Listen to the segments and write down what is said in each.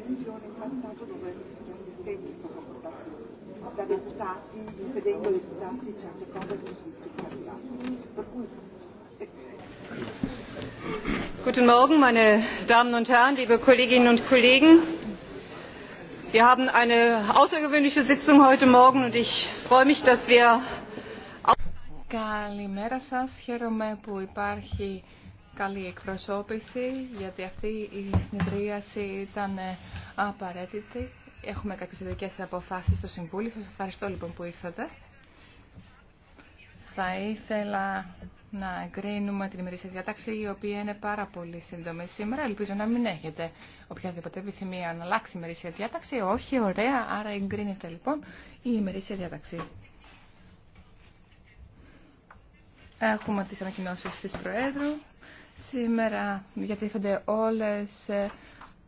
commissione in passato dove gli assistenti sono portati da deputati, impedendo ai deputati certe cose che sono più cui, Guten Morgen, meine Damen und Herren, liebe Kolleginnen und Kollegen. Wir haben eine außergewöhnliche Sitzung heute Morgen und ich freue mich, dass wir Καλημέρα σας. Χαίρομαι που υπάρχει καλή εκπροσώπηση, γιατί αυτή η συνεδρίαση ήταν ε, απαραίτητη. Έχουμε κάποιες ειδικές αποφάσεις στο Συμβούλιο. Σας ευχαριστώ λοιπόν που ήρθατε. Θα ήθελα να εγκρίνουμε την ημερήσια διατάξη, η οποία είναι πάρα πολύ σύντομη σήμερα. Ελπίζω να μην έχετε οποιαδήποτε επιθυμία να αλλάξει η ημερήσια διατάξη. Όχι, ωραία, άρα εγκρίνεται λοιπόν η ημερήσια διατάξη. Έχουμε τις ανακοινώσεις της Προέδρου. Σήμερα διατίθενται όλες, ε,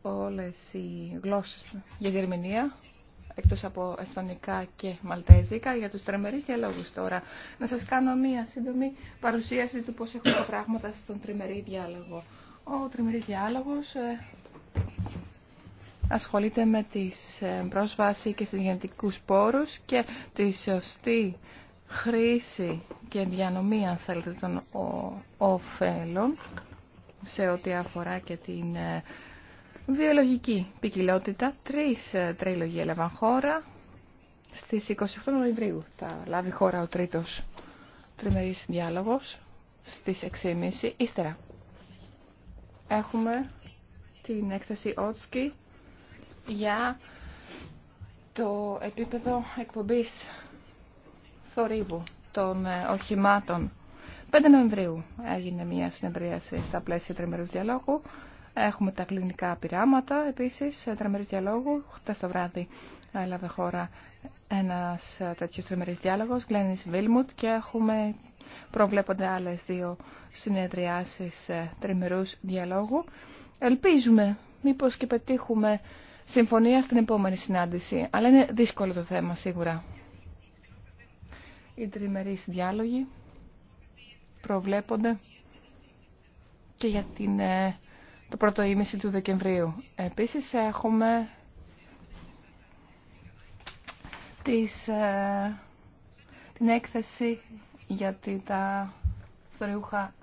όλες οι γλώσσες για διερμηνία, εκτός από εσθονικά και μαλτέζικα, για τους τριμερείς διαλόγους τώρα. Να σας κάνω μία σύντομη παρουσίαση του πώς έχουν τα πράγματα στον τριμερή διάλογο. Ο τριμερής διάλογος ε, ασχολείται με τις ε, πρόσβαση και στις γενετικούς πόρους και τη σωστή χρήση και διανομή, αν θέλετε, των ωφέλων σε ό,τι αφορά και την ε, βιολογική ποικιλότητα. Τρεις ε, τρίλογοι έλαβαν χώρα. Στις 28 Νοεμβρίου θα λάβει χώρα ο τρίτος τριμερής διάλογος στις 6.30 ύστερα. Έχουμε την έκθεση Ότσκι για το επίπεδο εκπομπής θορύβου των ε, οχημάτων. 5 Νοεμβρίου έγινε μια συνεδρίαση στα πλαίσια τριμερούς διαλόγου. Έχουμε τα κλινικά πειράματα επίση, τριμερού διαλόγου. Χτε το βράδυ έλαβε χώρα ένα ε, τέτοιο τριμερή διάλογο, Γκλένι Βίλμουτ και έχουμε προβλέπονται άλλε δύο συνεδριάσει ε, τριμερούς διαλόγου. Ελπίζουμε μήπω και πετύχουμε συμφωνία στην επόμενη συνάντηση, αλλά είναι δύσκολο το θέμα σίγουρα. Οι τριμερείς διάλογοι προβλέπονται και για την, ε, το πρώτο ήμιση του Δεκεμβρίου. Επίσης έχουμε ε, την έκθεση για τα θωρεούχα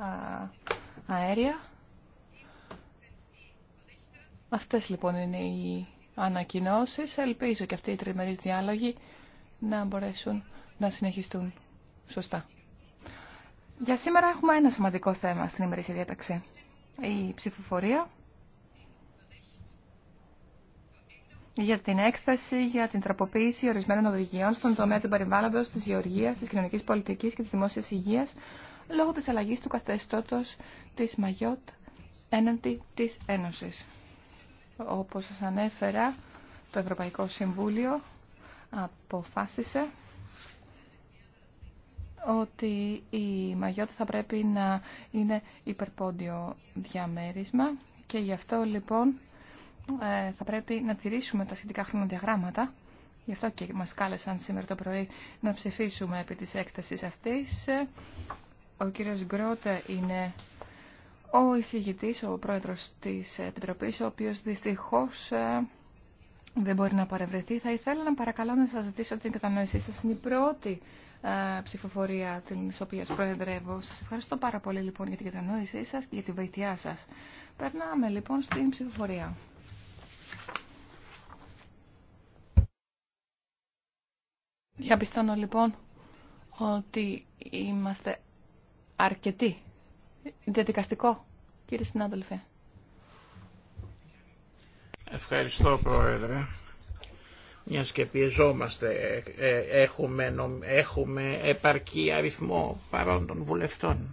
αέρια. Αυτές λοιπόν είναι οι ανακοινώσεις. Ελπίζω και αυτοί οι τριμερείς διάλογοι να μπορέσουν να συνεχιστούν σωστά. Για σήμερα έχουμε ένα σημαντικό θέμα στην ημερήσια διάταξη. Η ψηφοφορία για την έκθεση για την τροποποίηση ορισμένων οδηγιών στον τομέα του περιβάλλοντος, της γεωργία, της κοινωνικής πολιτικής και της δημόσιας υγείας λόγω της αλλαγής του καθεστώτος της Μαγιότ έναντι της Ένωσης. Όπως σας ανέφερα, το Ευρωπαϊκό Συμβούλιο αποφάσισε ότι η Μαγιώτα θα πρέπει να είναι υπερπόντιο διαμέρισμα και γι' αυτό λοιπόν ε, θα πρέπει να τηρήσουμε τα σχετικά χρονοδιαγράμματα. Γι' αυτό και μας κάλεσαν σήμερα το πρωί να ψηφίσουμε επί της έκθεσης αυτής. Ο κύριος Γκρότε είναι ο εισηγητής, ο πρόεδρος της Επιτροπής, ο οποίος δυστυχώς ε, δεν μπορεί να παρευρεθεί. Θα ήθελα να παρακαλώ να σας ζητήσω την κατανόησή σας. Είναι η πρώτη ε, ψηφοφορία την οποία προεδρεύω. Σα ευχαριστώ πάρα πολύ λοιπόν για την κατανόησή σα και για τη βοήθειά σας. Περνάμε λοιπόν στην ψηφοφορία. Διαπιστώνω λοιπόν ότι είμαστε αρκετοί. Διαδικαστικό, κύριε συνάδελφε. Ευχαριστώ, Πρόεδρε. Μια και πιεζόμαστε, ε, ε, έχουμε, έχουμε επαρκή αριθμό παρών των βουλευτών.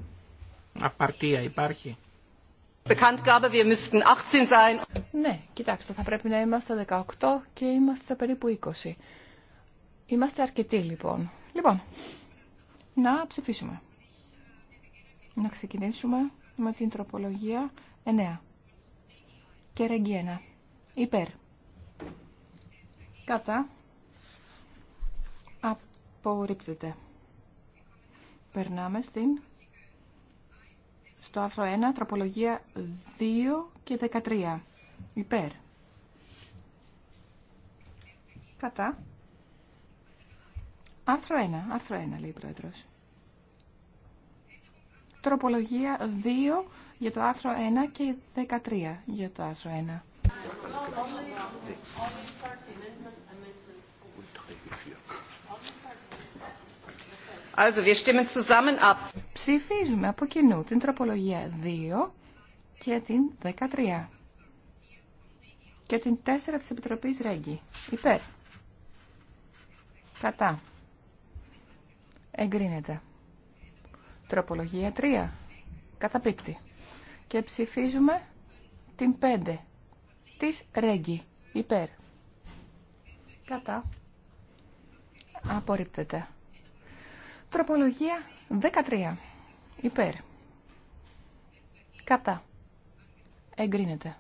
Απαρτία υπάρχει. Ναι, κοιτάξτε, θα πρέπει να είμαστε 18 και είμαστε περίπου 20. Είμαστε αρκετοί λοιπόν. Λοιπόν, να ψηφίσουμε. Να ξεκινήσουμε με την τροπολογία 9. Και ρεγγιένα. Υπέρ. Κατά. Απορρίπτεται. Περνάμε Στο άρθρο 1, τροπολογία 2 και 13. Υπέρ. Κατά. Άρθρο 1, άρθρο 1 λέει ο Πρόεδρος. Τροπολογία 2 για το άρθρο 1 και 13 για το άρθρο 1. Also, Ψηφίζουμε από κοινού την τροπολογία 2 και την 13 και την 4 της Επιτροπής Ρέγγι. Υπέρ. Κατά. Εγκρίνεται. Τροπολογία 3. Καταπίπτει. Και ψηφίζουμε την 5 της Ρέγγι. Υπέρ. Κατά. Απορρίπτεται. Τροπολογία 13. Υπέρ. Κατά. Εγκρίνεται.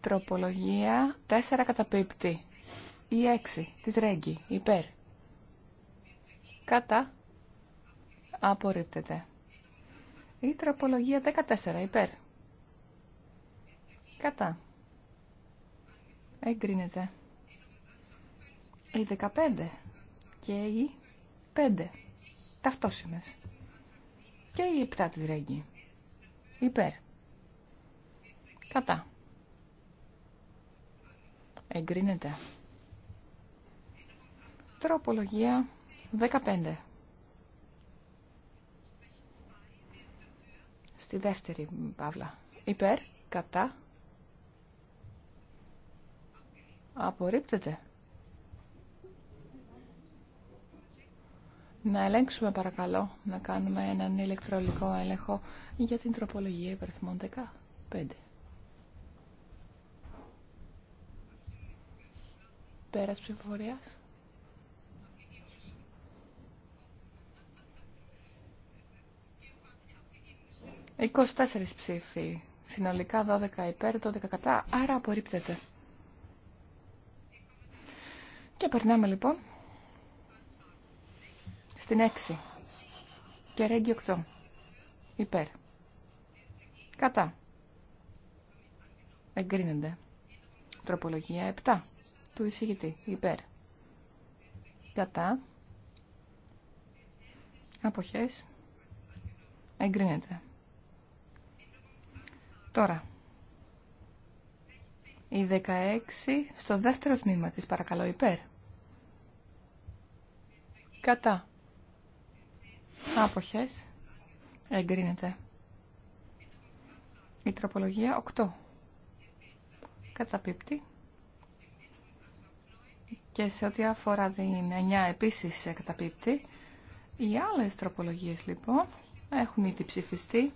Τροπολογία 4 καταπίπτει. Η 6 της Ρέγγι. Υπέρ. Κατά. Απορρίπτεται. Η τροπολογία 14. Υπέρ. Κατά. Εγκρίνεται. οι 15 και οι 5. Ταυτόσιμες. Και οι 7 της Ρέγγι. Υπέρ. Κατά. Εγκρίνεται. Τροπολογία 15. Στη δεύτερη παύλα. Υπέρ, κατά, Απορρίπτεται. Να ελέγξουμε παρακαλώ, να κάνουμε έναν ηλεκτρολικό έλεγχο για την τροπολογία υπερθυμών 15. Πέρας ψηφοφορίας. 24 ψήφοι. Συνολικά 12 υπέρ, 12 κατά, άρα απορρίπτεται. Και περνάμε λοιπόν στην 6 και ρέγγι 8. Υπέρ. Κατά. εγκρίνεται Τροπολογία 7 του εισηγητή. Υπέρ. Κατά. Αποχές. Εγκρίνεται. Τώρα, η 16 στο δεύτερο τμήμα της παρακαλώ υπέρ. Κατά. Άποχες. Εγκρίνεται. Η τροπολογία 8. Καταπίπτει. Και σε ό,τι αφορά την 9 επίσης ε, καταπίπτει. Οι άλλες τροπολογίες λοιπόν έχουν ήδη ψηφιστεί.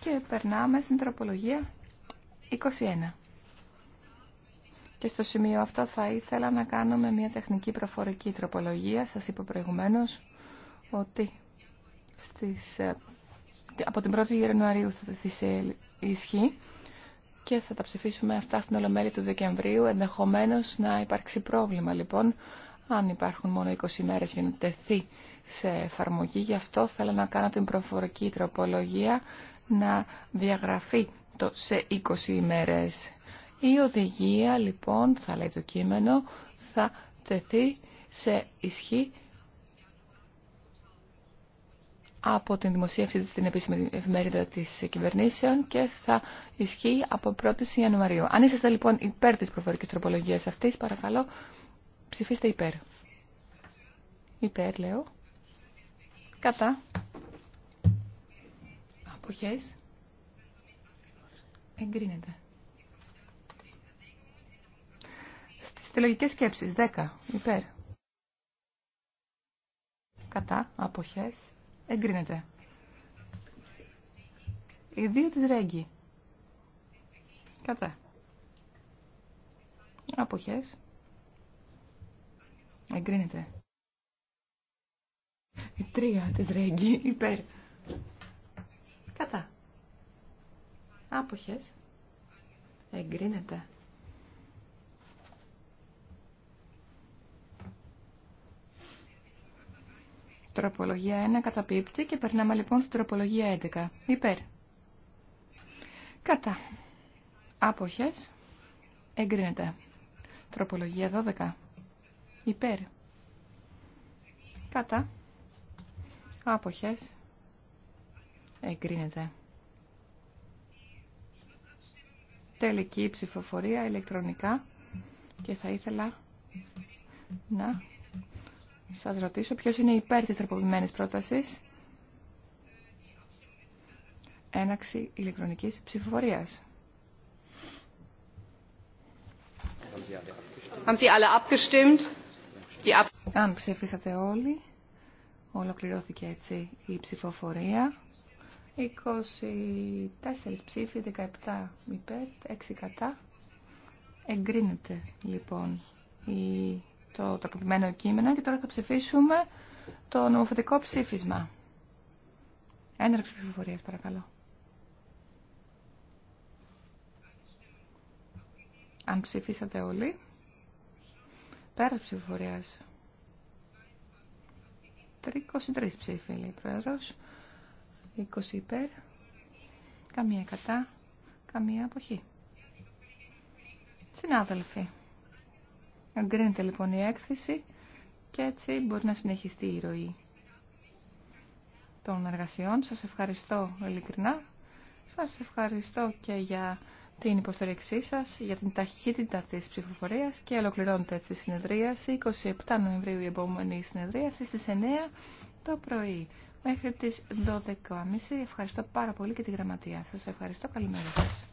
Και περνάμε στην τροπολογία 21. Και στο σημείο αυτό θα ήθελα να κάνουμε μια τεχνική προφορική τροπολογία. Σας είπα προηγουμένως ότι ε, από την 1η Ιανουαρίου θα τεθεί σε ισχύ και θα τα ψηφίσουμε αυτά στην Ολομέλη του Δεκεμβρίου. Ενδεχομένως να υπάρξει πρόβλημα λοιπόν αν υπάρχουν μόνο 20 μέρες για να τεθεί σε εφαρμογή. Γι' αυτό θέλω να κάνω την προφορική τροπολογία να διαγραφεί το σε 20 ημέρες. Η οδηγία λοιπόν, θα λέει το κείμενο, θα τεθεί σε ισχύ από την δημοσίευση της στην επίσημη εφημερίδα της κυβερνήσεων και θα ισχύει από 1η Ιανουαρίου. Αν είσαστε λοιπόν υπέρ της προφορικής τροπολογίας αυτής, παρακαλώ ψηφίστε υπέρ. Υπέρ λέω. Κατά. Αποχές εγκρίνεται. Στις τελογικές σκέψεις, 10, υπέρ. Κατά, αποχές, εγκρίνεται. Οι δύο της Ρέγγι. Κατά. Αποχές. Εγκρίνεται. Η τρία της Ρέγγι υπέρ. Κατά. Άποχες. Εγκρίνεται. Τροπολογία 1 καταπίπτει και περνάμε λοιπόν στην τροπολογία 11. Υπέρ. Κατά. Άποχες. Εγκρίνεται. Τροπολογία 12. Υπέρ. Κατά. Άποχες. Εγκρίνεται. τελική ψηφοφορία ηλεκτρονικά και θα ήθελα να σας ρωτήσω ποιος είναι υπέρ της τροποποιημένης πρότασης έναξη ηλεκτρονικής ψηφοφορίας. Αν ψήφισατε όλοι, ολοκληρώθηκε έτσι η ψηφοφορία. 24 ψήφοι, 17 υπέρ, 6 κατά. Εγκρίνεται λοιπόν η, το τοποποιημένο κείμενο και τώρα θα ψηφίσουμε το νομοθετικό ψήφισμα. Έναρξη ψηφοφορία, παρακαλώ. Αν ψηφίσατε όλοι, πέρα ψηφοφορία. 23 ψήφοι λέει ο 20 υπέρ, καμία κατά, καμία αποχή. Συνάδελφοι, εγκρίνεται λοιπόν η έκθεση και έτσι μπορεί να συνεχιστεί η ροή των εργασιών. Σας ευχαριστώ ειλικρινά. Σας ευχαριστώ και για την υποστήριξή σας, για την ταχύτητα της ψηφοφορίας και ολοκληρώνεται έτσι η συνεδρίαση. 27 Νοεμβρίου η επόμενη συνεδρίαση στις 9 το πρωί μέχρι τις 12.30. Ευχαριστώ πάρα πολύ και τη γραμματεία σας. Ευχαριστώ. Καλημέρα σας.